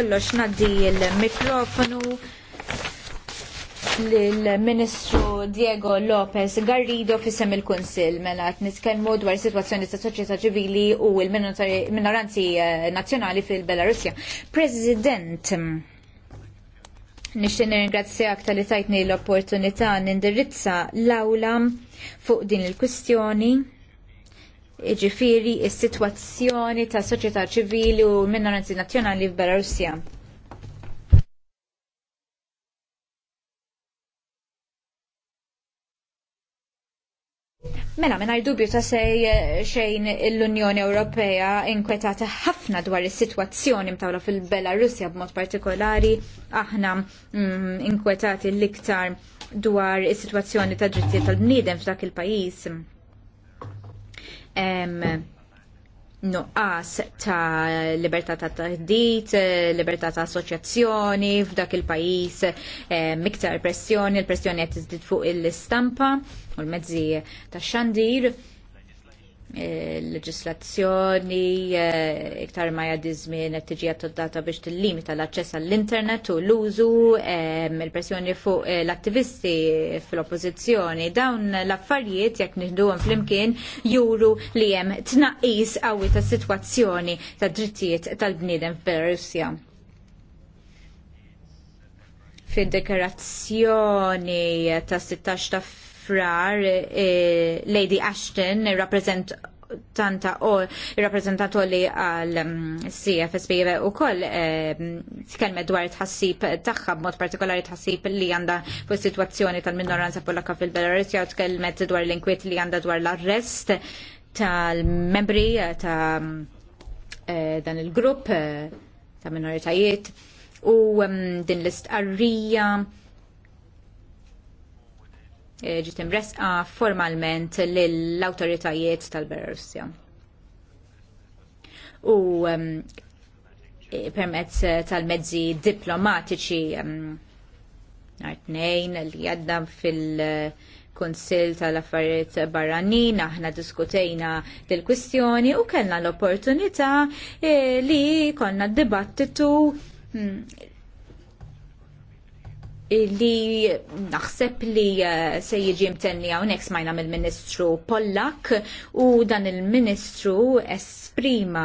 kollox naddi il-mikrofonu lill-Ministru Diego Lopez Garrido fissem il-Kunsil mela qed nitkellmu dwar situazzjoni sitwazzjoni ta' soċjetà ċivili u l-minoranzi eh, nazzjonali fil-Belarusja. President, nixtieq nirringrazzja aktar li tajtni l-opportunità nindirizza l-awla fuq din il-kwistjoni ġifiri s sitwazzjoni ta' soċjetà ċivili u minoranzi nazzjonali f'Belarusja. Mela, minn dubju ta' sej xejn l-Unjoni Ewropea inkwetata ħafna dwar is-sitwazzjoni mtawla fil-Belarusja b'mod partikolari, aħna mm, inkwetati l-iktar dwar is-sitwazzjoni ta' drittijiet tal-bniedem f'dak il-pajjiż hemm nuqqas ta' libertà ta' taħdit, libertà ta' assoċjazzjoni f'dak il-pajjiż eh, miktar pressjoni, il-pressjoni qed fuq il-istampa u l-mezzi tax xandir l-leġislazzjoni eh, iktar ma jgħaddi żmien qed tiġi attoddata biex tillimita l-aċċess għall-internet u l-użu eh, il-pressjoni fuq eh, l-attivisti fl-oppożizzjoni. Dawn l-affarijiet jekk nieħduhom flimkien juru li hemm tnaqqis qawwi tas-sitwazzjoni tad drittijiet tal-bniedem f'Belarusja fid dekarazzjoni ta' 16 ta' frar eh, Lady Ashton, rappresent tanta o rappresentatoli li għal mm, CFSB u koll e, tkelmet dwar tħassib taħħab b'mod partikolari tħassib li għanda fuq situazzjoni tal-minoranza polaka fil-Belarusja u tkelme dwar l-inkwiet li għanda dwar l-arrest tal-membri ta' e, dan il-grupp e, ta' minoritajiet u mm, din l-istqarrija Eh, ġiet imresqa formalment lill awtoritajiet tal-Belarusja. U e, permezz eh, tal-mezzi diplomatiċi għartnejn li għadda fil- Kunsill tal-Affarijiet Barranin aħna diskutejna dil-kwistjoni u kellna l-opportunità eh, li konna dibattitu hmm, li naħseb li eh, se jiġi mtenni hawnhekk smajna mill-Ministru Pollak u dan il-Ministru esprima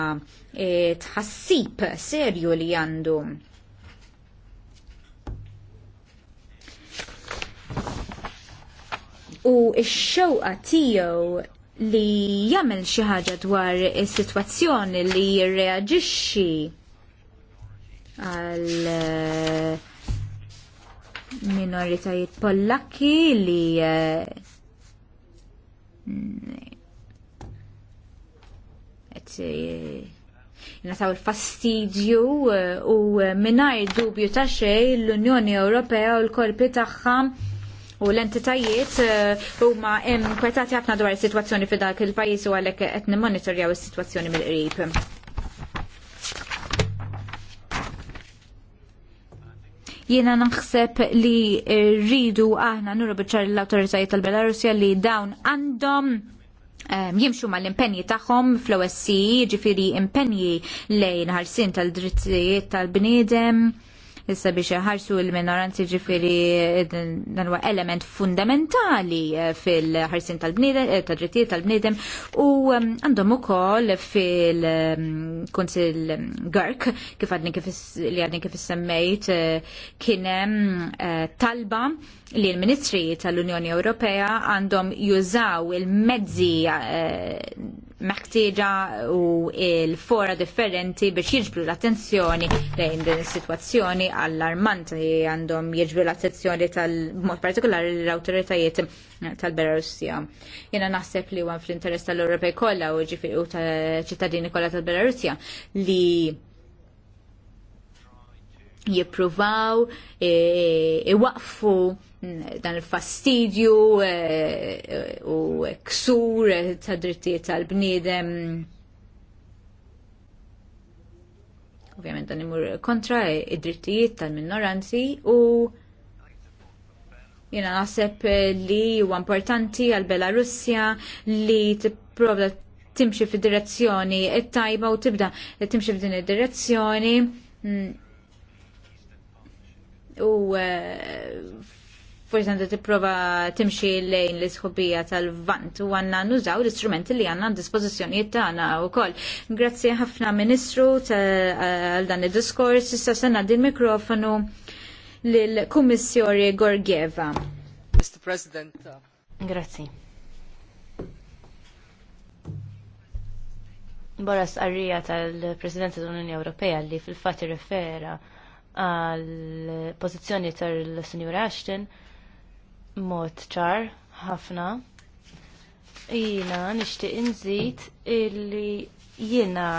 eh, tħassib serju li għandu. U x-xewqa tiegħu li jagħmel xi ħaġa dwar is-sitwazzjoni li jirreaġixxi għal uh, minoritajiet pollakki li eh, eh, nataw il-fastidju eh, u mingħajr dubju ta' xej l-Unjoni Ewropea u l-korpi tagħha u l-entitajiet huma ma' kwetati ħafna dwar is-sitwazzjoni fi dak il-pajjiż u għalhekk qed nimmonitorjaw is-sitwazzjoni mill-qrib. Jiena naħseb li rridu aħna nuru biċar l-autoritajiet tal-Belarusja li dawn għandhom eh, jimxu jimxu mal impenji tagħhom fl-OSC, ġifiri impenji lejn ħarsin tal-drittijiet tal-bniedem. tal drittijiet tal bnidem tal drittijiet tal bniedem issa biex ħarsu il-minoranzi ġifiri dan huwa element fundamentali eh, fil-ħarsin tal-bniedem, eh, tal-drittijiet tal-bniedem u eh, għandhom ukoll fil konsil Gark kif għadni kif li għadni kif semmejt kienem talba li l-Ministri tal-Unjoni Ewropea għandhom jużaw il-mezzi meħtieġa u il-fora differenti biex jiġbru l-attenzjoni lejn din is-sitwazzjoni allarmanti għandhom jiġbru l-attenzjoni tal-mod partikolari l-awtoritajiet tal-Belarusja. Jena naħseb li għan fl-interess tal europej kollha u ġifi u ċittadini kollha tal-Belarusja li jippruvaw e, e, iwaqfu dan il-fastidju e, u ksur ta' drittijiet tal-bniedem ovvjament dan imur kontra id-drittijiet tal-minoranzi u jena naħseb li huwa importanti għal Belarusja li tipprovda timxi fid-direzzjoni tajba u tibda timxi f'din id-direzzjoni mm, u eh, forsi għandha tipprova timxi lejn l-isħobija tal-vant u għanna nużaw l-istrumenti li għanna dispożizzjonijiet tagħna wkoll. Grazzi ħafna Ministru għal dan id-diskors, issa se ngħaddi l-mikrofonu lill-Kummissjoni Gorgieva. Mr. President. Uh, Grazzi. Boras arrija tal-President tal-Unjoni Ewropea li fil-fat irrefera għal pożizzjoni tal-Sinjura Ashton mod ċar ħafna. Jina nixtieq inżid illi jiena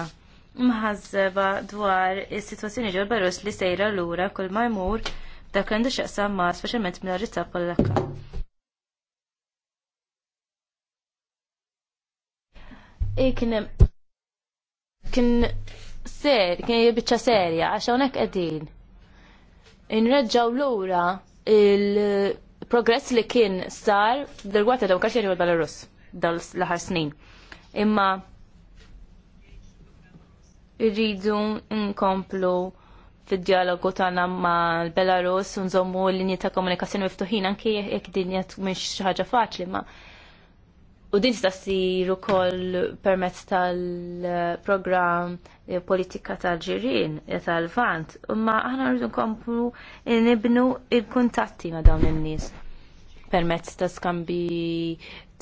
mħazzeba dwar is-sitwazzjoni ġol barus li sejra lura kull ma jmur dak għandu xaqsam ma speċjalment minorità pollakka. Kien kien ser, kien bieċa serja, għax hawnhekk qegħdin inreġġaw lura il-progress li kien sar f'dergwata daw kaxjeri u l-Belarus dal l snin. Imma irridu nkomplu fid-dialogu tagħna ma' l-Belarus u nżommu l-linji ta' komunikazzjoni miftuħin anke jekk dinja mux ħaġa faċli ma' U din tista' ssir ukoll permezz tal-programm politika tal-ġirien tal-vant, imma aħna rridu nkomplu nibnu il-kuntatti ma' dawn in-nies permezz ta' skambi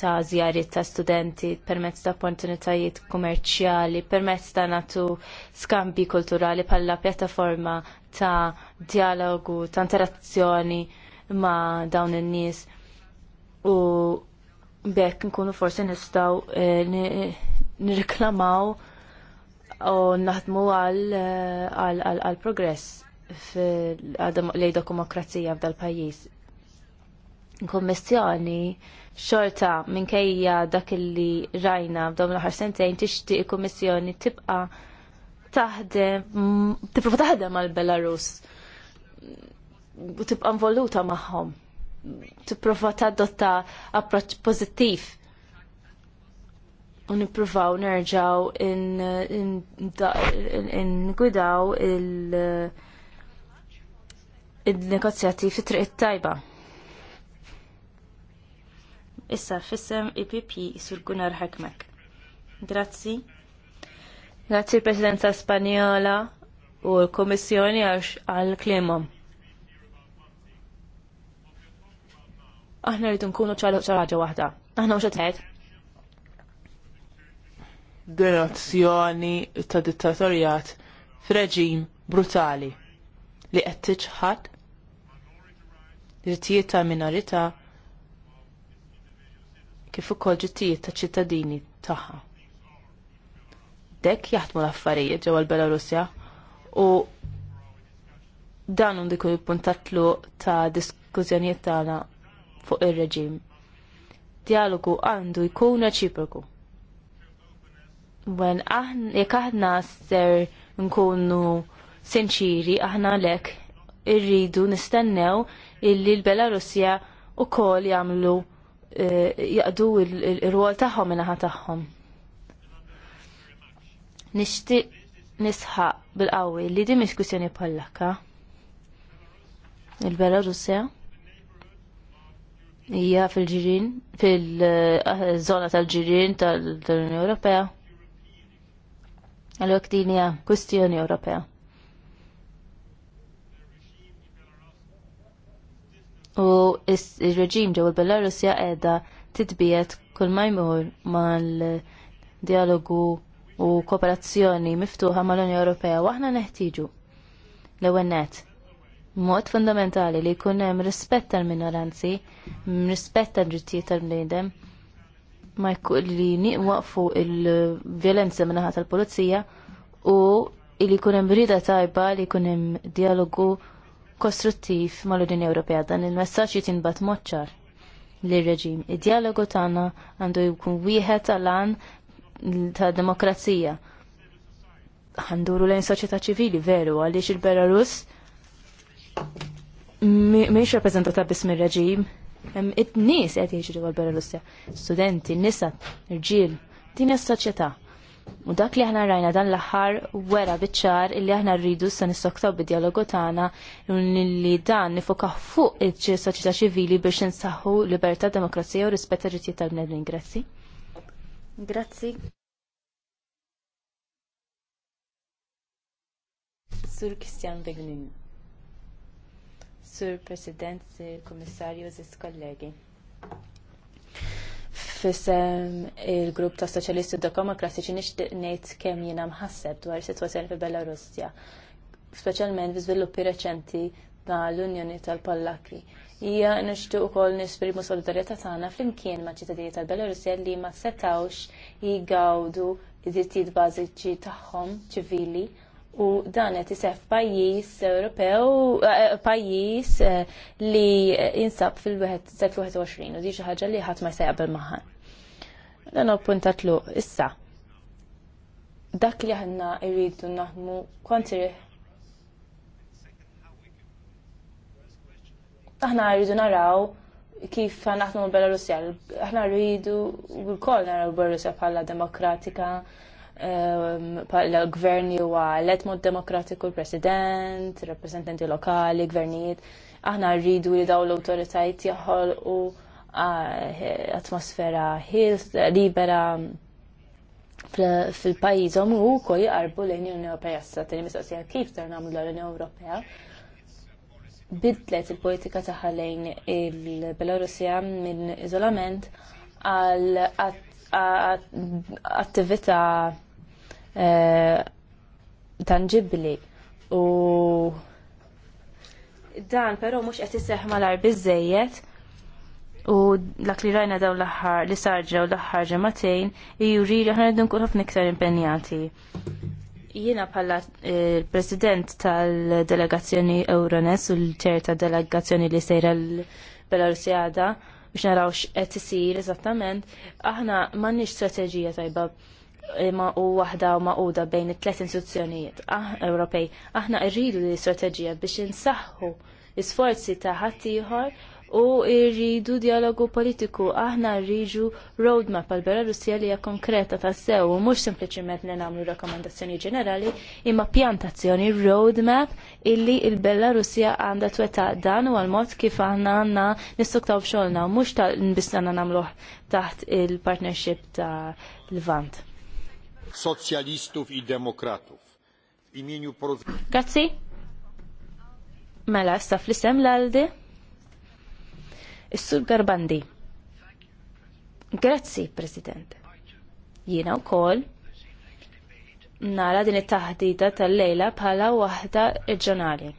ta' żjariet ta' studenti, permezz ta' opportunitajiet kummerċjali, permezz ta' natu skambi kulturali bħala pjattaforma ta' dialogu, ta' interazzjoni ma' dawn in-nies u bekk nkunu forsi nistaw eh, nirreklamaw u naħdmu għal eh, progress lej dokumokrazija f'dal pajjiż. Kommissjoni xorta minkejja dak li rajna f'dawn l-aħħar sentejn tixtieq kummissjoni tibqa' taħdem tipprova taħdem għal Belarus u tibqa' involuta magħhom tipprova dotta approċ pożittiv u nippruvaw nerġaw in-gwidaw il-negozjati fi triq it-tajba. Issa fissem IPP sur Gunnar Hekmek. Grazzi. Grazzi l-Presidenza Spanjola u l-Komissjoni għal klimom. aħna rridu nkunu ċalu ċaraġa waħda. Aħna mhux qed denazzjoni ta' dittatorjat f'reġim brutali li qed tiċħad drittijiet ta' minorità kif ukoll ġittijiet ta' ċittadini tagħha. Dek jaħdmu l-affarijiet ġewwa l-Belarusja u dan dik il-puntatlu ta' diskussjonijiet tagħna fuq ir-reġim. Dialogu għandu jkun reċiproku. Wen aħna jekk aħna ser nkunu sinċiri aħna lek irridu nistennew illi l-Belarusja u kol jamlu eh, jaqdu il-rwol taħħom minnaħa taħħom. Nishti nisħaq bil-qawwi li di mhix kwistjoni Il-Belarusja hija fil-ġirin, fil-żona tal-ġirin tal-Unjoni Ewropea. għal din hija kwistjoni Ewropea. U il-reġim ġew il-Belarusja qiegħda titbiet kull ma jmur mal-dialogu u kooperazzjoni miftuħa mal-Unjoni Ewropea u aħna neħtieġu l-ewwel mod fundamentali li jkun hemm rispett tal-minoranzi, rispett tad-drittijiet tal-bniedem, ma li niqwaqfu il-violenza minnaħa tal-pulizija u li jkun hemm rida tajba li jkun hemm dialogu kostruttiv mal-Unjoni Ewropea dan il-messaġġ jitinbat moċċar lir reġim Id-dialogu tagħna għandu jkun wieħed tal għan ta' demokrazija. Għanduru lejn soċjetà ċivili veru għaliex il-Belarus mhix rappreżentata biss mir-reġim, it-nies qed jiġri għal Belarusja, studenti, nisa, irġiel, din is-soċjetà. U dak li aħna rajna dan l-aħħar wera biċ-ċar illi aħna rridu se nistoktaw bid-dialogu tagħna li dan nifokaħ fuq iċ-soċjetà ċivili biex insaħħu libertà, demokrazija u rispett ta' rittijiet tal-bnedmin. Grazzi. Grazzi. Sur Christian Begnin. Sur President, Kummissarju, Ziz kollegi. Fissem il-grupp ta' Soċjalisti Demokratiċi nixtieq ngħid kemm jiena mħasseb dwar is fi Belarusja, speċjalment fi żviluppi reċenti l unjoni tal-Pollakki. Hija nixtieq ukoll nisprimu solidarjetà tagħna flimkien ma' ċittadini tal-Belarusja li ma setawx jigawdu id-drittijiet bażiċi tagħhom ċivili u dan qed isef pajjiż Ewropew eh, pajjiż eh, li jinsab fil-21 u di xi ħaġa li ħadd ma qabel magħha. Dan appuntatlu issa. Dak li aħna rridu naħdmu kontri aħna rridu naraw kif naħdmu l-Belarusja, aħna rridu wkoll naraw l-Belarusja bħala demokratika, Ehm, l gverni u l mod demokratiku, l-president, rappresentanti lokali, gvernijiet. Aħna rridu li daw l-autoritajiet u atmosfera ħils, libera fil-pajizom u wkoll jqarbu l-Unjoni Ewropea s mistoqsija kif tar nagħmlu l-Unjoni Ewropea bidlet il-politika tagħha lejn il-Belorussja minn iżolament għal attività Eh, tangibli u dan però mhux qed isseħ malar biżejjed u dak li rajna dawn l-aħħar li u l-aħħar ġematejn juri li aħna rridu nkun ħafna iktar impenjati. Jiena bħala il-President eh, tal-Delegazzjoni Eurones u l-ċer ta' delegazzjoni li sejra l-Belarusjada biex narawx qed isir eżattament, aħna m'għandniex strateġija tajba ma u waħda u maquda bejn it-tlet istituzzjonijiet ah, Ewropej. Aħna rridu li strateġija biex insaħħu l-isforzi ta' ħaddieħor u rridu dialogu politiku. Aħna rridu roadmap għal Belarusja li hija konkreta ta' sew u mhux sempliċiment li nagħmlu rakkomandazzjoni ġenerali imma pjantazzjoni roadmap illi il-Belarusja għandha tweta dan u għal-mod kif aħna għandna nistuktaw xogħolna u mhux ta' nbissna nagħmluh taħt il-partnership ta' Lvant. Socjalistów i Demokratów. W imieniu Grazzi. Mela, sta fl-isem l-aldi. Issur Garbandi. Grazzi, President. Jiena wkoll nara din it-taħdita tal-lejla bħala waħda reġjonali.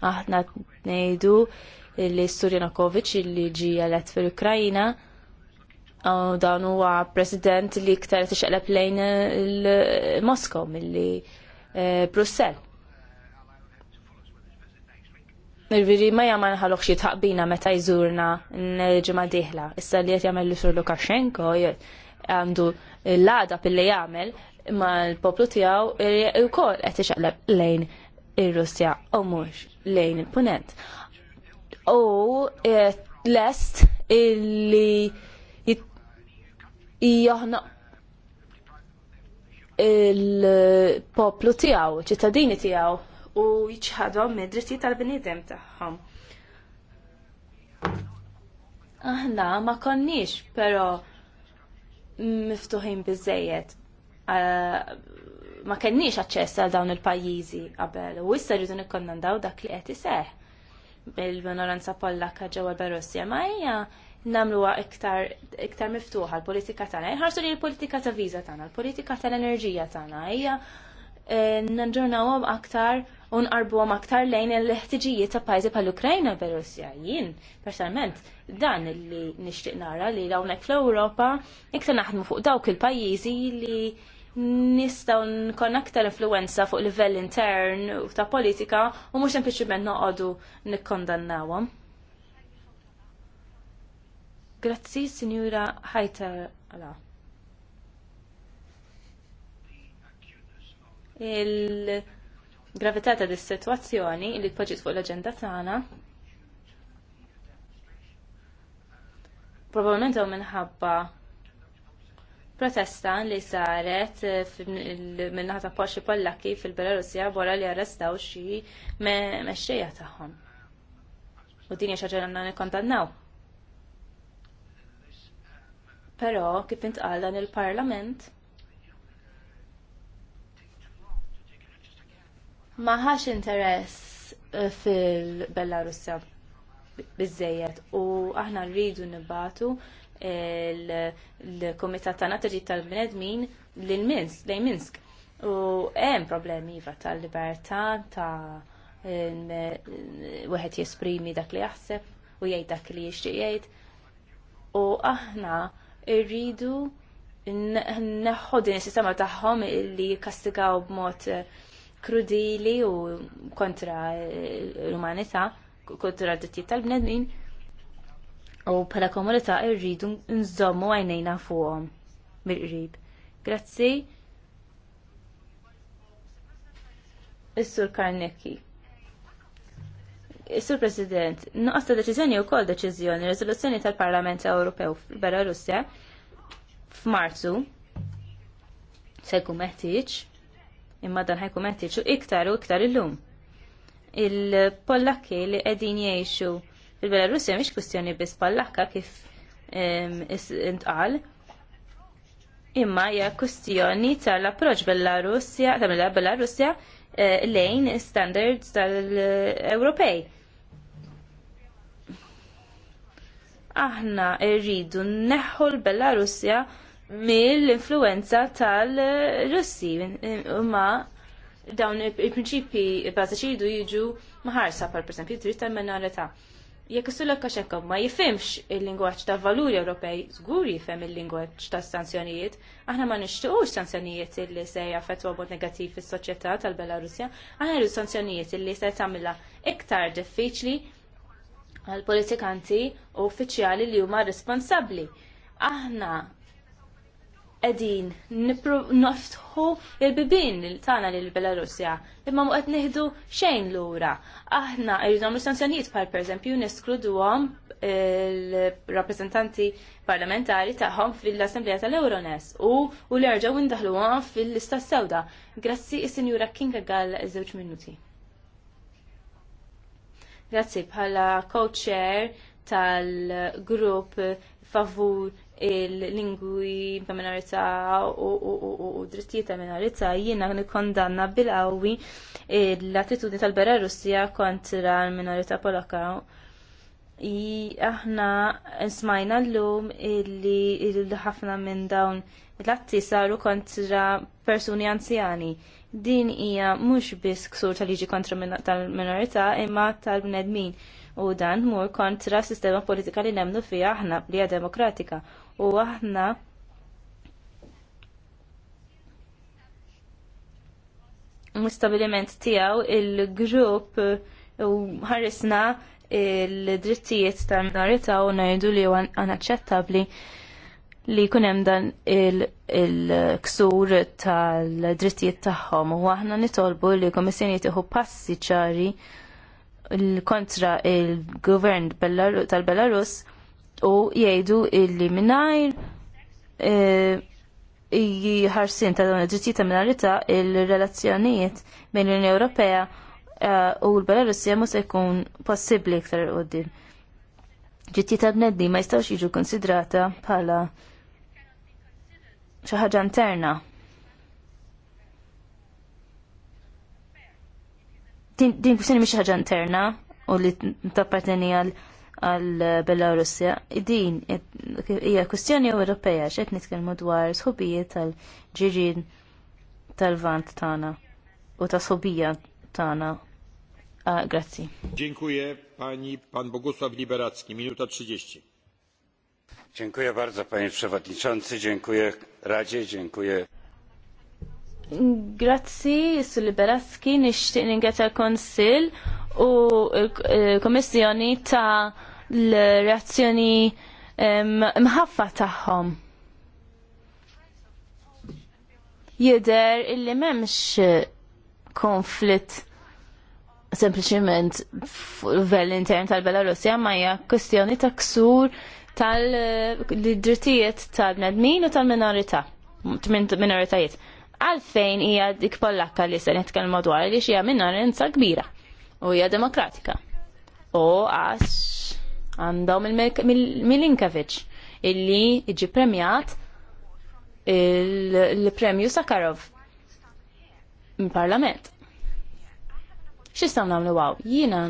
Aħna ngħidu li Surjanokovic li ġi għalet fil-Ukrajina dan huwa president li iktar tixqleb lejn il-Moskow milli eh, Brussell. Il-viri ma jgħamil ħalok xie tħaqbina meta jżurna ġimma diħla. Issa li jgħet jgħamil l-sur Lukashenko għandu l-għada pilli jgħamil ma l-poplu tijaw u kol għet iċaqleb lejn il-Russja u mux lejn il-punent. U eh, lest li joħna il-poplu tiegħu, ċittadini tiegħu u jiċħadhom mid-dritti tal bnidem tagħhom. Aħna ma konniex, però miftuħin bizzejiet. ma kenniex aċċess għal dawn il-pajjiżi qabel u issa rridu daw dak li qed iseħħ bil-minoranza Pollakka ġewwa Berussja ma hija namluha iktar iktar miftuħa l-politika tagħna. Iħarsu li l-politika ta' viża tagħna, l-politika tal-enerġija tagħna hija eh, nġurnaw aktar u nqarbuhom aktar lejn l-ħtiġijiet ta' pajjiżi bħall-Ukrajna bel-Russja. Jien personalment dan li nixtieq nara li hawnhekk fl-Ewropa iktar naħdmu fuq dawk il-pajjiżi li nistaw nkun aktar influenza fuq livell intern u ta' politika u mhux sempliċement noqogħdu nikkondannawhom. Grazzi, Signora Hajtala. Il-gravità ta' dis-sitwazzjoni li tpoġġiet fuq l-aġenda tagħna probabbilment hawn minħabba protesta li saret min-naħa ta' Porsche Pollaki fil-Belarusja wara li arrestaw xi mexxejja tagħhom. U din hija xi ħaġa li nikkondannaw. Però kif intqal dan il-Parlament ma ħax interess eh, fil-Bellarussja bizzejet u aħna rridu nibbatu l-Komitat ta' Natriġit tal-Bnedmin Minsk, lejn Minsk. U hemm problemi iva tal-libertà ta' wieħed jesprimi dak li jaħseb u jgħid dak li jixtieq jgħid. U aħna irridu neħħu din is-sistema tagħhom li jikkastigaw b'mod eh, krudili u kontra eh, l-umanità, kontra d-dittijiet tal-bnedmin. U bħala komunità irridu nżommu għajnejna fuqhom mill-qrib. Grazzi. Is-Sur Karnecki. Sur President, nuqqas ta' deċiżjoni u kol deċiżjoni, rezoluzzjoni tal-Parlament Ewropew fil-Belarusja f'Marzu se jkun meħtieġ imma dan ħajkun meħtieġ u iktar u iktar illum. Il-Pollakki li qegħdin jgħixu fil-Belarusja mhix kwistjoni biss Pollakka kif intqal, imma hija kwistjoni tal-approċċ Belarusja, ta' Belarusja eh, lejn standards tal-Ewropej. aħna rridu neħħu l-Belarusja mill-influenza tal-Russi ma dawn il-prinċipi bażiċi jridu jiġu maħarsa par perżempju dritt tal-minorità. Jekk issu l xekkom ma jifimx il-lingwaġġ ta' valuri Ewropej, żgur jifhem il-lingwaġġ ta' sanzjonijiet, aħna ma nixtiequx sanzjonijiet illi se jaffetwa bot negativ fis-soċjetà tal-Belarusja, aħna rridu sanzjonijiet illi se tagħmilha iktar diffiċli għal politikanti u uffiċjali li huma responsabbli. Aħna edin noftħu il-bibin tana lill l-Belarusja, imma muqet nieħdu xejn l-ura. Aħna irridhom l-sanzjonijiet par per eżempju neskludu għom il-rappresentanti parlamentari taħħom fil-Assembleja tal-Eurones u u l-erġaw indaħlu għom fil-lista sewda. Grazzi, il-Sinjura Kinga għal żewġ minuti. Grazzi bħala co-chair tal-grupp favur il-lingwi ta' minorità u drittijiet ta' minorità jiena nikkondanna bil-qawwi l-attitudni tal-Bera Russija kontra l-minorità i Aħna smajna llum illi ħafna minn dawn l-atti saru kontra persuni anzjani din hija mhux biss ksur tal-liġi kontra tal-minorità imma tal-bnedmin u dan mur kontra sistema politika li nemnu fija aħna li hija demokratika u aħna mustabiliment tiegħu il-grupp u ħarisna il-drittijiet tal-minorità u ngħidu li huwa anaċċettabbli li kunem dan il-ksur il tal-drittijiet tagħhom u aħna nitolbu li l-Komissjoni tieħu passi ċari kontra il-Gvern tal-Belarus u jgħidu illi mingħajr e, jħarsin ta' dawn id-drittijiet ta' minorità il-relazzjonijiet bejn l-Unjoni Ewropea e, u l-Belarusja mhux se jkun possibbli iktar qudiem Ġittijiet ta' bneddi ma jistgħux jiġu konsidrata bħala xi ħaġa interna. Din kwistjoni mhix ħaġa interna u li tapparteni għal Belarusja. Din hija kwistjoni Ewropea x'qed nitkellmu dwar sħubijiet tal-ġirien tal-vant tagħna u ta' sħubija tagħna. Grazzi. Dziękuję pani pan Bogusław Liberacki, minuta 30. Dziękuję bardzo panie przewodniczący, dziękuję Radzie, dziękuję. Grazzi, Sul Liberaski, nixtieq ningata konsil u l ta' l-reazzjoni mħaffa tagħhom. Jidher illi m'hemmx konflitt sempliċiment f'vel intern tal-Belarusja ma hija kwestjoni ta' ksur tal-drittijiet tal-bnedmin u tal-minorita. Minoritajiet. Għalfejn hija dik pollakka li se nitkellmu dwar li xija minoranza kbira u hija demokratika. U għax għandhom il-Milinkovic illi iġi premjat il-premju Sakarov mill-parlament. Xistaw namlu għaw? Jina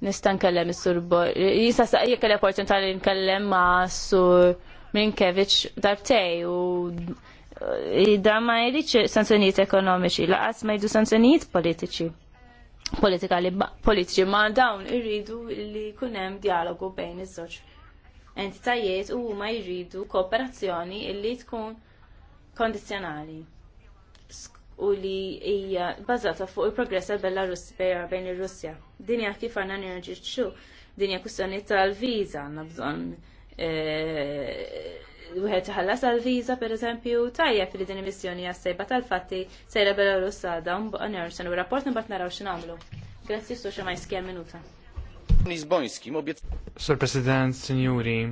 nista' nkellem is-sur jista' jekk l-opportunità li nkellem ma' sur Minkevich darbtej u eh, da ma jridx sanzjonijiet ekonomiċi, laqas ma jridu sanzjonijiet politiċi. Politika li politiċi ma dawn irridu li jkun hemm dialogu bejn iż-żewġ entitajiet u ma jridu kooperazzjoni illi tkun kondizjonali u li hija bbażata fuq il-progress tal Belarus bejn ir-Russja. Din hija kif għandna nirġixxu, din hija kwistjoni tal-viża għandna bżonn eh, wieħed ħallas għall-viża pereżempju tajjeb li din missjoni għas-sejba tal-fatti sejra Belarus għadha u nerġa' u rapport imbagħad naraw x'nagħmlu. Grazzi stu xi ma jiskija minuta. Sur President, Sinjuri,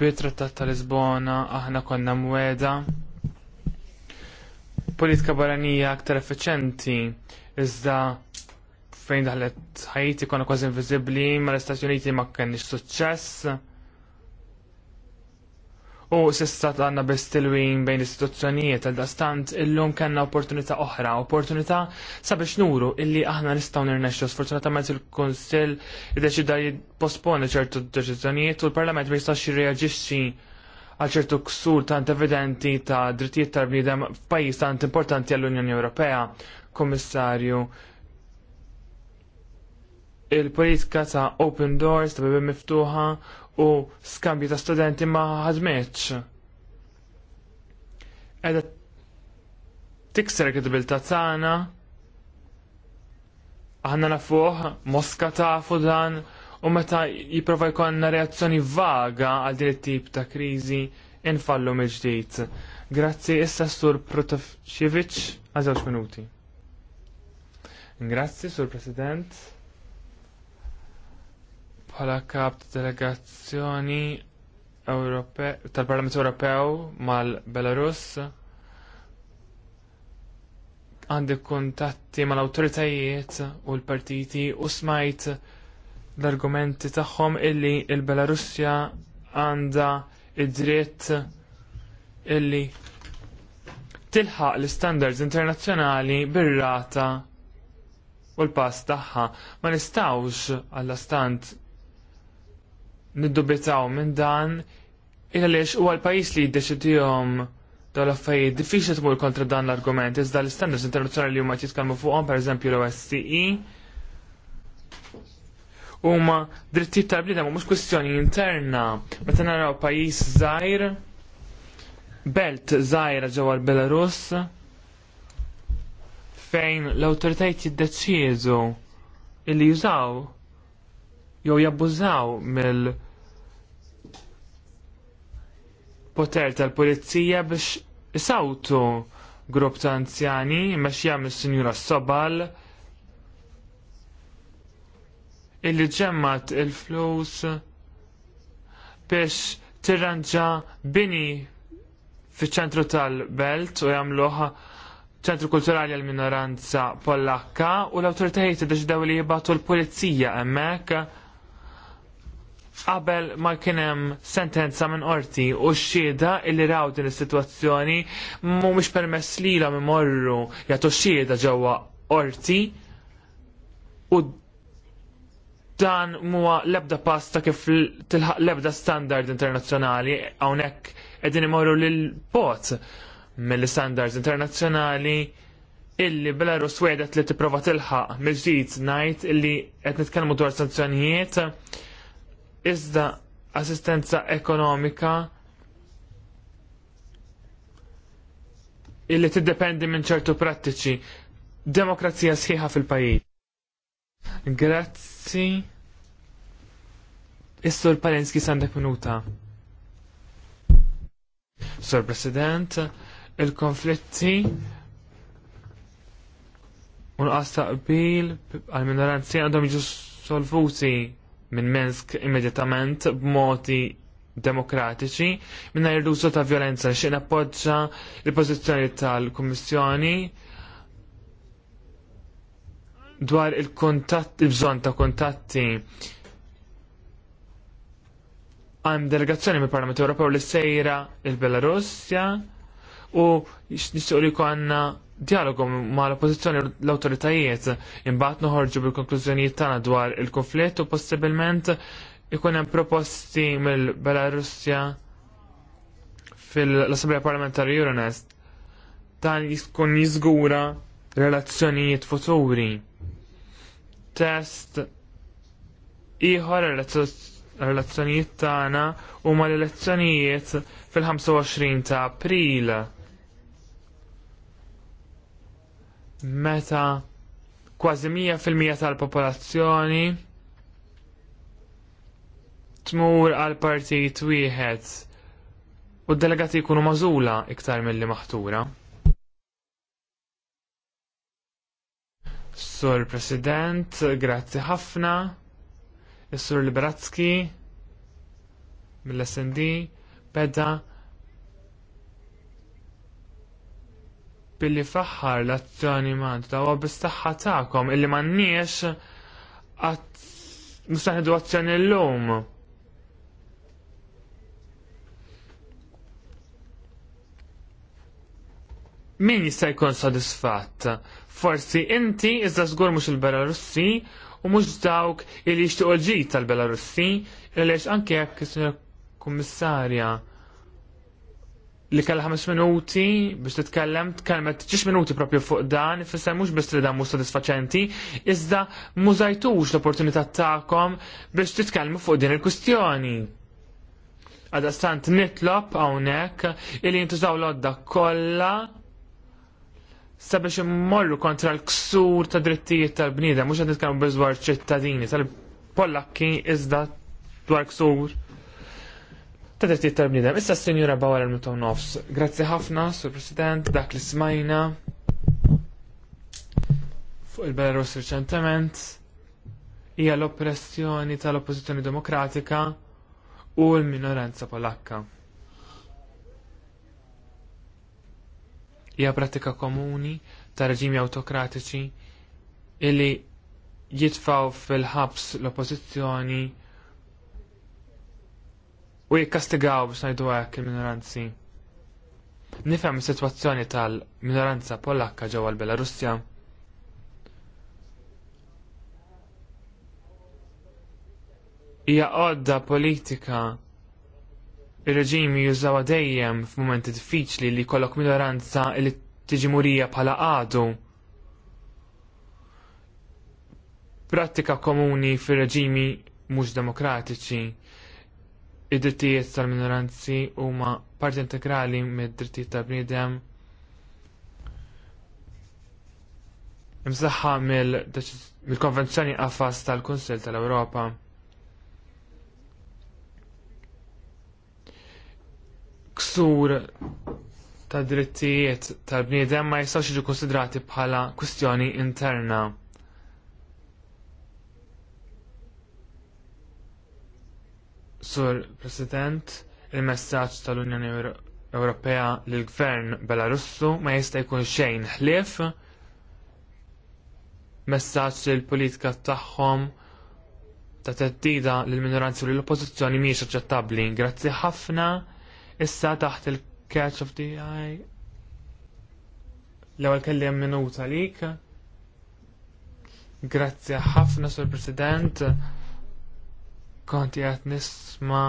bit-trattat tal-Lisbona aħna konna mweda politika barranija aktar effiċenti iżda fejn daħlet ħajti kona kważi inviżibbli mal istati Uniti ma kenniex suċċess. U sissa għandna biss tilwin bejn l-istituzzjonijiet għal dastant illum kellna opportunità oħra, opportunità sabiex nuru illi aħna nistgħu nirnexxu. Sfortunatament il-Kunsill iddeċida jipposponi ċertu deċiżjonijiet u l-Parlament ma jistax jirreaġixxi għal ċertu ksur tant evidenti ta' drittijiet tal bnidem f'pajjiż tant importanti għall-Unjoni Ewropea, Kommissarju. Il-politika ta' open doors, ta' bibi miftuħa u skambju ta' studenti ma' ħadmeċ. Edha tikser kredibilità tagħna, aħna nafuh, Moska tafu dan, u meta jipprova jkollna reazzjoni vaga għal din it-tip ta' kriżi infallu mill-ġdid. Grazzi issa sur Protasjevic għal żewġ minuti. Grazzi sur President. Bħala kap delegazzjoni tal-Parlament Ewropew mal-Belarus għandi kuntatti mal-autoritajiet u l-partiti u smajt l-argumenti tagħhom illi l il belarussja għandha id-dritt illi tilħaq l-standards internazzjonali bir-rata u l-pass tagħha. Ma nistgħux għall-stant niddubitaw minn dan il għaliex huwa l-pajjiż li jiddeċidihom dawn l-affarijiet diffiċli tmur kontra dan l-argument iżda l-standards internazzjonali li huma jitkellmu fuqhom pereżempju l-OSCE huma drittijiet tal-bliet ma mhux kwestjoni interna. Meta naraw pajjiż żgħir belt żgħira ġewwa l-Belarus fejn l-awtoritajiet jiddeċiedu illi jużaw jew jabbużaw mill poter tal-pulizija biex isawtu grupp ta' anzjani mexja mis sinjura Sobal illi ġemmat il-flus biex tirranġa bini fiċ-ċentru tal-belt u jagħmluha ċentru kulturali għall minoranza Pollakka u l-awtoritajiet iddeċidew li jibgħatu l-pulizija hemmhekk qabel ma kien hemm sentenza minn qorti u x-xhieda illi raw din is-sitwazzjoni mhumiex permess lilhom imorru jagħtu x-xhieda ġewwa qorti u dan muwa lebda pasta kif tilħaq lebda standard internazzjonali hawnhekk qegħdin imorru lil bot mill-standards internazzjonali illi Belarus wedet li tipprova tilħaq mill-ġdid ngħid illi qed nitkellmu dwar sanzjonijiet iżda assistenza ekonomika illi tiddependi minn ċertu prattiċi demokrazija sħiħa fil-pajjiż. Grazzi. Is-Sur Palenski sandek minuta. Sur President, il-konflitti unqas taqbil għal-minoranzi għandhom jiġu solvuti minn Minsk immedjatament b'modi demokratiċi minna l-użu ta' violenza xie nappoġġa l-pozizjoni tal-Kummissjoni dwar il-kontatt, il-bżon ta' kontatti għan delegazzjoni mill parlament Ewropew li sejra il-Belarusja u nixtieq li għandna dialogu ma' l-oppozizjoni l-autoritajiet imbagħad noħorġu bil-konklużjonijiet tagħna dwar il-konflitt u possibilment ikun hemm proposti mill-Belarusja fil-Assemblea Parlamentari Euronest dan jkun jiżgura relazzjonijiet futuri test ieħor relazzjonijiet tagħna huma l-elezzjonijiet fil-25 ta' April. Meta kważi 100% tal-popolazzjoni tmur għal partit wieħed u d-delegati jkunu mażula iktar milli maħtura. Sur President, grazzi ħafna. Sur Liberatski, mill-SND, beda billi faħħar l-azzjoni manta u bistaħħa ta'kom illi manniex għat mustaħdu azzjoni l-lum. min jista' jkun sodisfatt. Forsi inti iżda żgur mhux il-Belarussi u mhux dawk il jixtiequ l-ġid tal-Belarussi għaliex anke jekk is-Sinjor Kummissarja li kellha ħames minuti biex titkellem, tkellmet ġiex minuti propju fuq dan, ifisser mhux biss li dan mhux sodisfaċenti, iżda mużajtux l-opportunità tagħkom biex titkellmu fuq din il-kwistjoni. Għadastant nitlob hawnhekk ili jintużaw l-odda kollha sabiex immorru kontra l-ksur ta' drittijiet tal-bniedem, mhux qed nitkellmu biż dwar ċittadini tal-Pollakki iżda dwar ksur ta' drittijiet tal-bniedem. Issa s-Sinjura Bawar il-Mutaw Nofs. Grazzi ħafna, Sur President, dak li smajna fuq il-Belarus riċentement hija l-oppressjoni tal-Oppożizzjoni Demokratika u l-minoranza Polakka. hija pratika komuni ta' reġimi autokratiċi illi jitfaw fil-ħabs l-oppożizzjoni u jikkastigaw biex ngħidu hekk il-minoranzi. Nifhem is-sitwazzjoni tal-minoranza Polakka ġewwa l-Belarusja. Hija għodda politika ir-reġimi jużawa dejjem f'mumenti diffiċli li jkollok minoranza li tiġi murija bħala għadu. Prattika komuni fir-reġimi mhux demokratiċi. Id-drittijiet tal-minoranzi huma parti integrali mid-drittijiet tal-bniedem imsaħħa mill-konvenzjoni qafas tal-Kunsill tal-Ewropa. tal kunsill tal ewropa ksur ta' drittijiet tal-bniedem ma jistgħux jiġu konsidrati bħala kwistjoni interna. Sur President, il-messaġġ tal-Unjoni Ewropea lill gvern Belarussu ma jista' jkun xejn ħlief messaġġ li l-politika tagħhom ta' teddida lill minoranzi u lill oppożizzjoni mhijiex aċċettabbli. Grazzi ħafna Issa taħt il-catch of the eye. L-ewwel kelli minuta lik. Grazzi ħafna sur President. Konti qed nisma'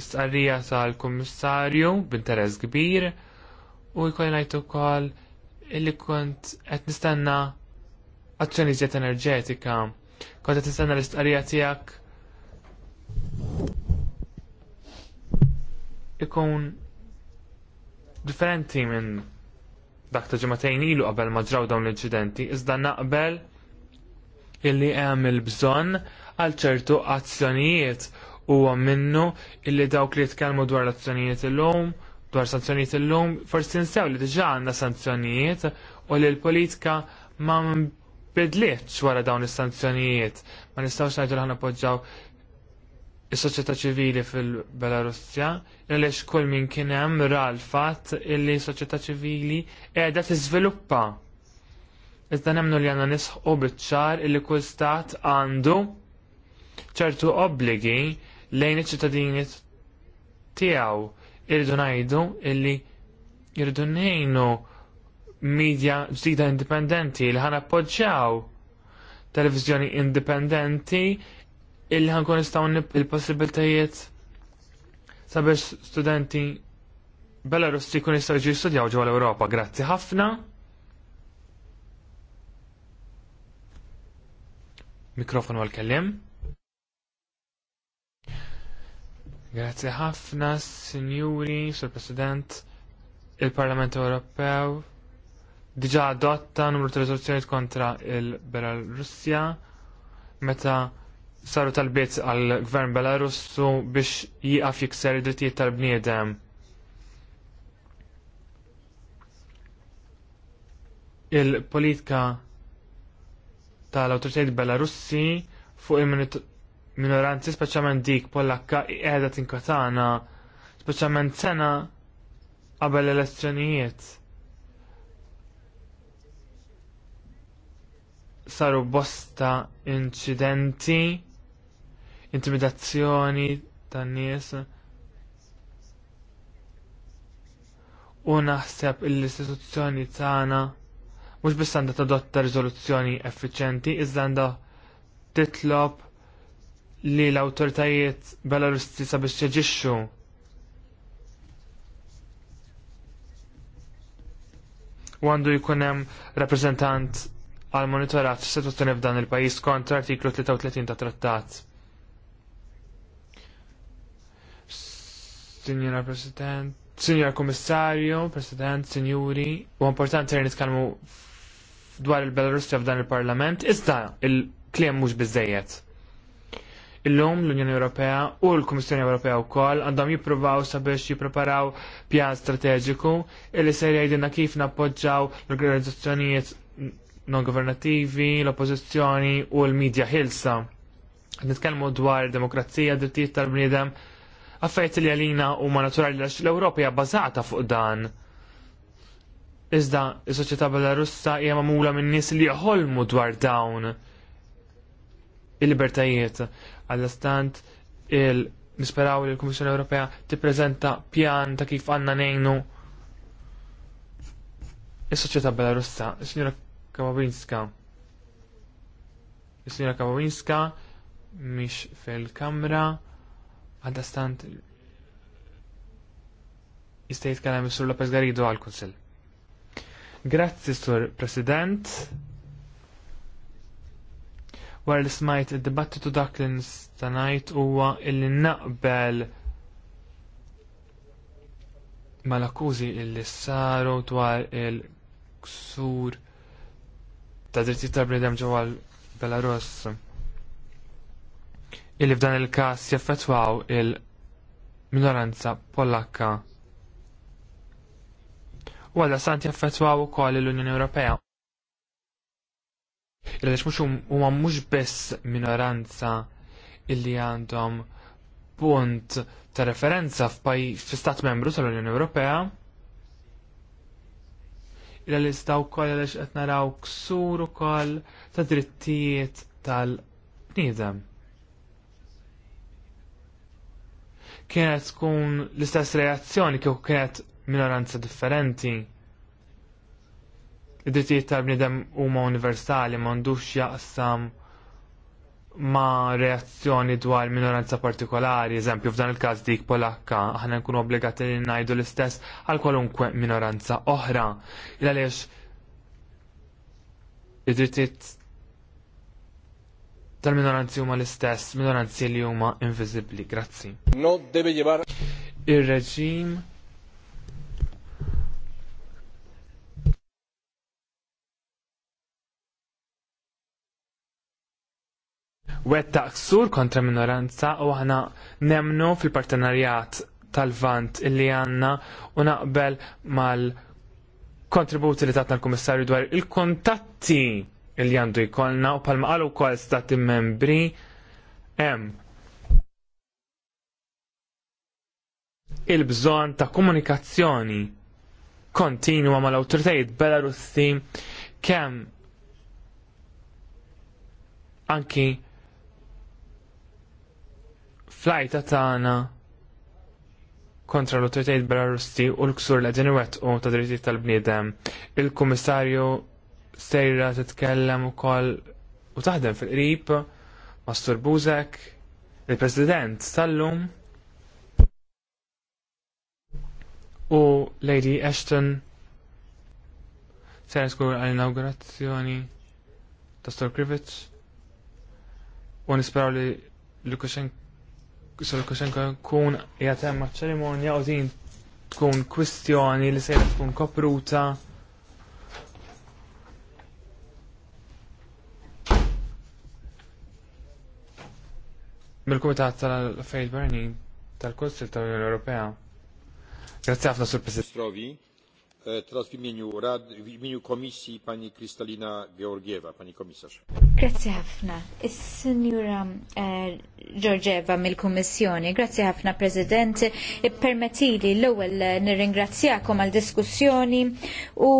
istqarrija tal-Kummissarju b'interess kbir u jkolli ngħid ukoll illi kont qed nistenna azzjonijiet enerġetika. Kont qed nistenna l-istqarrija tiegħek ikun differenti minn dak ta' ġematajn ilu qabel ma ġraw dawn l-inċidenti, iżda naqbel illi hemm il-bżonn għal ċertu azzjonijiet u minnu illi dawk li jitkellmu dwar l-azzjonijiet illum, dwar sanzjonijiet l-lum, forsi nsew li diġa' għandna sanzjonijiet u li l-politika ma bidlietx wara dawn is-sanzjonijiet. Ma nistgħux ngħidu li ħana poġġaw is-soċjetà ċivili fil-Belarusja għaliex kull min kien hemm ra l-fatt illi s-soċjetà ċivili qiegħda tiżviluppa. Iżda nemmnu li għandna nisħu biċ-ċar illi kull stat għandu ċertu obbligi lejn iċ-ċittadini tiegħu irridu ngħidu illi irridu ngħinu media ġdida indipendenti li ħana appoġġjaw televizjoni indipendenti illi ħankun nistgħu nib il-possibiltajiet sabiex studenti Belarussi kun jistgħu jiġu jistudjaw ġewwa l-Ewropa. Grazzi ħafna. Mikrofon għal-kellim. Grazzi ħafna, Sinjuri, Sur President, il-Parlament Ewropew, diġa adotta numru ta' rezoluzzjoniet kontra il-Belarusja, meta saru talbiet għall gvern Belarussu biex jiqaf jikser id-drittijiet tal-bniedem. Il-politika tal-autoritajiet Belarussi fuq il-minoranzi, speċjalment dik Polakka, qiegħda tinkatana, speċjalment sena qabel l elezzjonijiet. Saru bosta incidenti intimidazzjoni tan-nies. U naħseb l-istituzzjoni tagħna mhux biss għandha tadotta riżoluzzjoni effiċjenti, iżda għandha titlob li l-awtoritajiet Belarusti sabiex jaġixxu u għandu jkun hemm rappreżentant għal monitorat situazzjoni f'dan il-pajjiż kontra artiklu 33 ta' trattat. Sinjora President, Sinjora Komissarju, President, Sinjuri, u importanti għan nitkellmu dwar il-Belarusja f'dan il-Parlament, iżda il-kliem mhux biżejjed. Illum l-Unjoni Ewropea u l-Kummissjoni Ewropea wkoll għandhom jippruvaw sabiex jippreparaw pjan strateġiku illi se jgħidilna kif nappoġġaw l-organizzazzjonijiet non-governativi, l-oppożizzjoni u l-medja ħilsa. Nitkellmu dwar demokrazija, drittijiet tal-bniedem, affarijiet li għalina huma naturali għax l-Ewropa hija bbażata fuq dan. Iżda is-soċjetà Belarussa hija magħmula minn nies li joħolmu dwar dawn il-libertajiet. Għallastant il nisperaw li l-Kummissjoni Ewropea tippreżenta pjan ta' kif għandna ngħinu is-soċjetà Belarussa. Signora Kawawinska. Is-Signora Kawawinska mhix fil-Kamra stant jista' jitkellem is-Sur Lopez Garrido għall-Kunsill. Grazzi, Sur President. Wara li smajt id-dibattitu dak li nista' huwa illi naqbel mal-akkużi illi saru dwar il-ksur ta' dritti tal-bnedem ġewwa Belarus illi f'dan il-każ jaffettwaw il-minoranza Polakka. U għadha sant jaffettwaw ukoll l-Unjoni Ewropea. Il-għax mux huma mhux biss minoranza illi għandhom punt ta' referenza f'istat membru tal-Unjoni Ewropea, il lista u koll għalax għetnaraw ksur u koll ta' drittijiet tal-bnidem. kienet tkun l-istess reazzjoni kieku kienet minoranza differenti. Id-drittijiet tal-bniedem huma universali m'għandux jaqsam ma reazzjoni dwar minoranza partikolari, eżempju f'dan il-każ dik polakka, aħna nkunu obbligati li ngħidu l-istess għal kwalunkwe minoranza oħra. Il għaliex id-drittijiet tal-minoranzi huma l-istess, minoranzi li huma inviżibbli. Grazzi. No debe llevar. Ir-reġim Wetta ksur kontra minoranza u ħana nemnu fil-partenarjat tal-vant illi għanna u naqbel mal-kontributi li tatna l-Komissarju dwar il-kontatti il għandu jkollna u palma għal ukoll stati membri hemm il-bżon ta' komunikazzjoni kontinua mal awtoritajiet Belarussi kemm anki flajta tagħna kontra l-autoritajiet Belarussi u l-ksur l-ġenwet u ta' drittijiet tal-bniedem. Il-Kummissarju sejra titkellem ukoll u taħdem fil-qrib Mastur Buzek, il-President tal-lum u Lady Ashton ser skur għal inaugurazzjoni ta' Stor Krivitz u nisperaw li Lukashenko kun jgħatem ċerimonja u din tkun kwistjoni li sejra tkun kopruta mill-Kumitat tal-Fejt Berni tal kunsil tal-Unjoni Ewropea. Grazie għafna sur President. Strovi, eh, Teraz w imieniu, rad, w imieniu komisji pani Kristalina Georgieva, pani komisarz. Grazie għafna. Is-Sinjura eh, Georgieva mill-Kummissjoni, grazie għafna President. Permetili l-ewwel eh, nirringrazzjakom għal diskussjoni u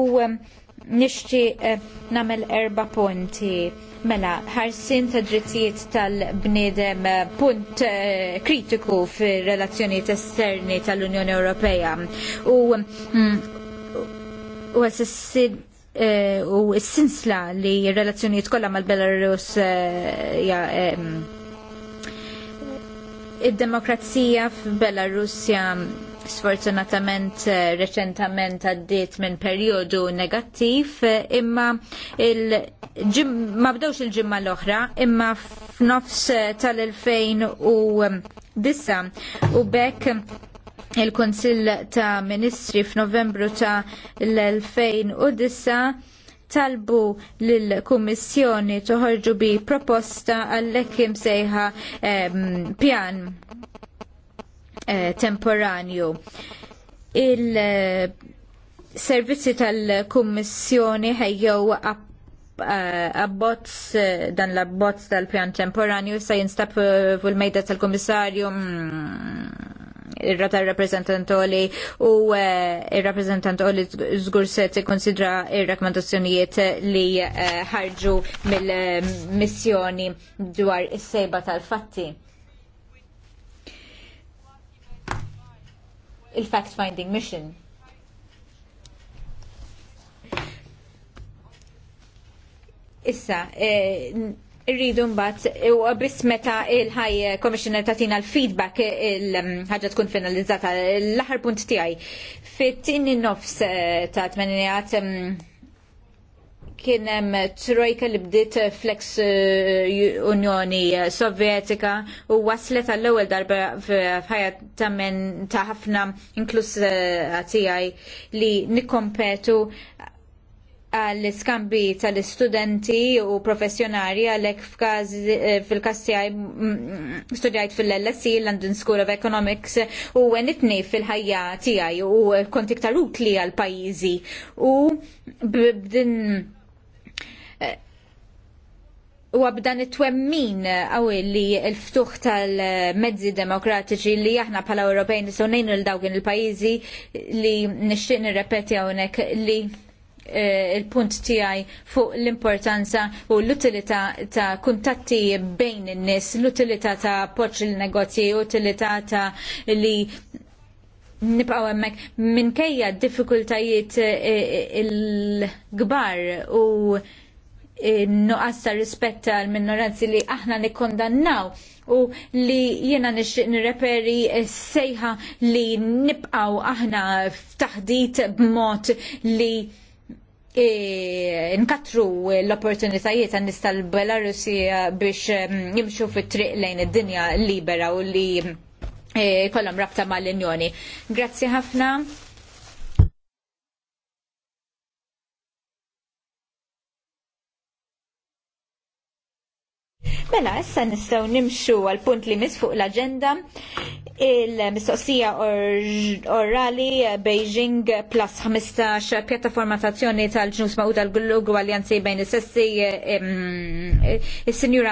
nishti eh, nagħmel erba' punti. Mela, ħarsin ta' drittijiet tal-bniedem eh, punt eh, kritiku fir relazzjonijiet esterni tal-Unjoni Ewropea. U mm, u u s-sinsla li r-relazzjonijiet kollha mal-Belarus mm, id-demokrazija f-Belarusja sfortunatament eh, reċentament għaddiet minn perjodu negattiv eh, imma il ma bdewx il-ġimma l-oħra imma f'nofs eh, tal-2009 u bekk il-Konsill ta' Ministri f'Novembru ta' l-2009 talbu lill-Kummissjoni toħorġu bi proposta għall imsejħa sejħa ehm, pjan Eh, temporanju. Il-servizzi eh, tal-Kummissjoni ħejjew eh, abbozz dan l-abbozz tal-pjan temporanju sa jinstab fil-mejda tal kommissarju mm, ir-rata rappresentantoli u ir Oli żgur se tikkonsidra ir-rakkomandazzjonijiet li ħarġu mill-missjoni dwar is-sejba tal-fatti. il-fact-finding mission. Issa, irridu eh, mbagħad eh, u biss meta il-ħaj commissioner tatina l-feedback eh, il-ħaġa tkun finalizzata l-aħħar punt tiegħi. Fit-tieni nofs ta' tmenijat mm, kien hemm trojka li bdiet flex eh, Unjoni Sovjetika u waslet għall-ewwel darba f'ħajja tamen ta' ħafna inkluż eh, tiegħi li nikkompetu għall-iskambi tal-istudenti u professjonari għalek eh, fil-kas tiegħi mm, studjajt fil-LSE London School of Economics u għenitni fil-ħajja tiegħi u kont iktar utli għal pajjiżi u b'din Eh, u għabdan it-twemmin eh, għaw li l-ftuħ tal-mezzi demokratiċi li aħna pala Ewropej nisonin nejnu dawgin il-pajizi li nishtiq nirrepeti għawnek li eh, il-punt tijaj fuq l-importanza u l-utilita ta' kuntatti bejn in-nis, l-utilita ta' poċ il-negozji, utilita ta' li nibqaw emmek minkejja d diffikultajiet il-gbar u nuqqas ta' rispett għal minoranzi li aħna nikkondannaw u li jiena nixtieq nirreperi sejħa li nibqaw aħna f'taħdit b'mod li e, nkatru l-opportunitajiet għan nista l biex mm, jimxu fit-triq lejn id-dinja libera u li e, kollam rabta mal-Unjoni. Grazzi ħafna. Mela, issa nistgħu nimxu għal punt li mis fuq l-aġenda il-mistoqsija orali Beijing plus 15 pjattaforma tazzjoni tal-ġnus mawda l-glug għaljanzi bejn is-sessi il sinjura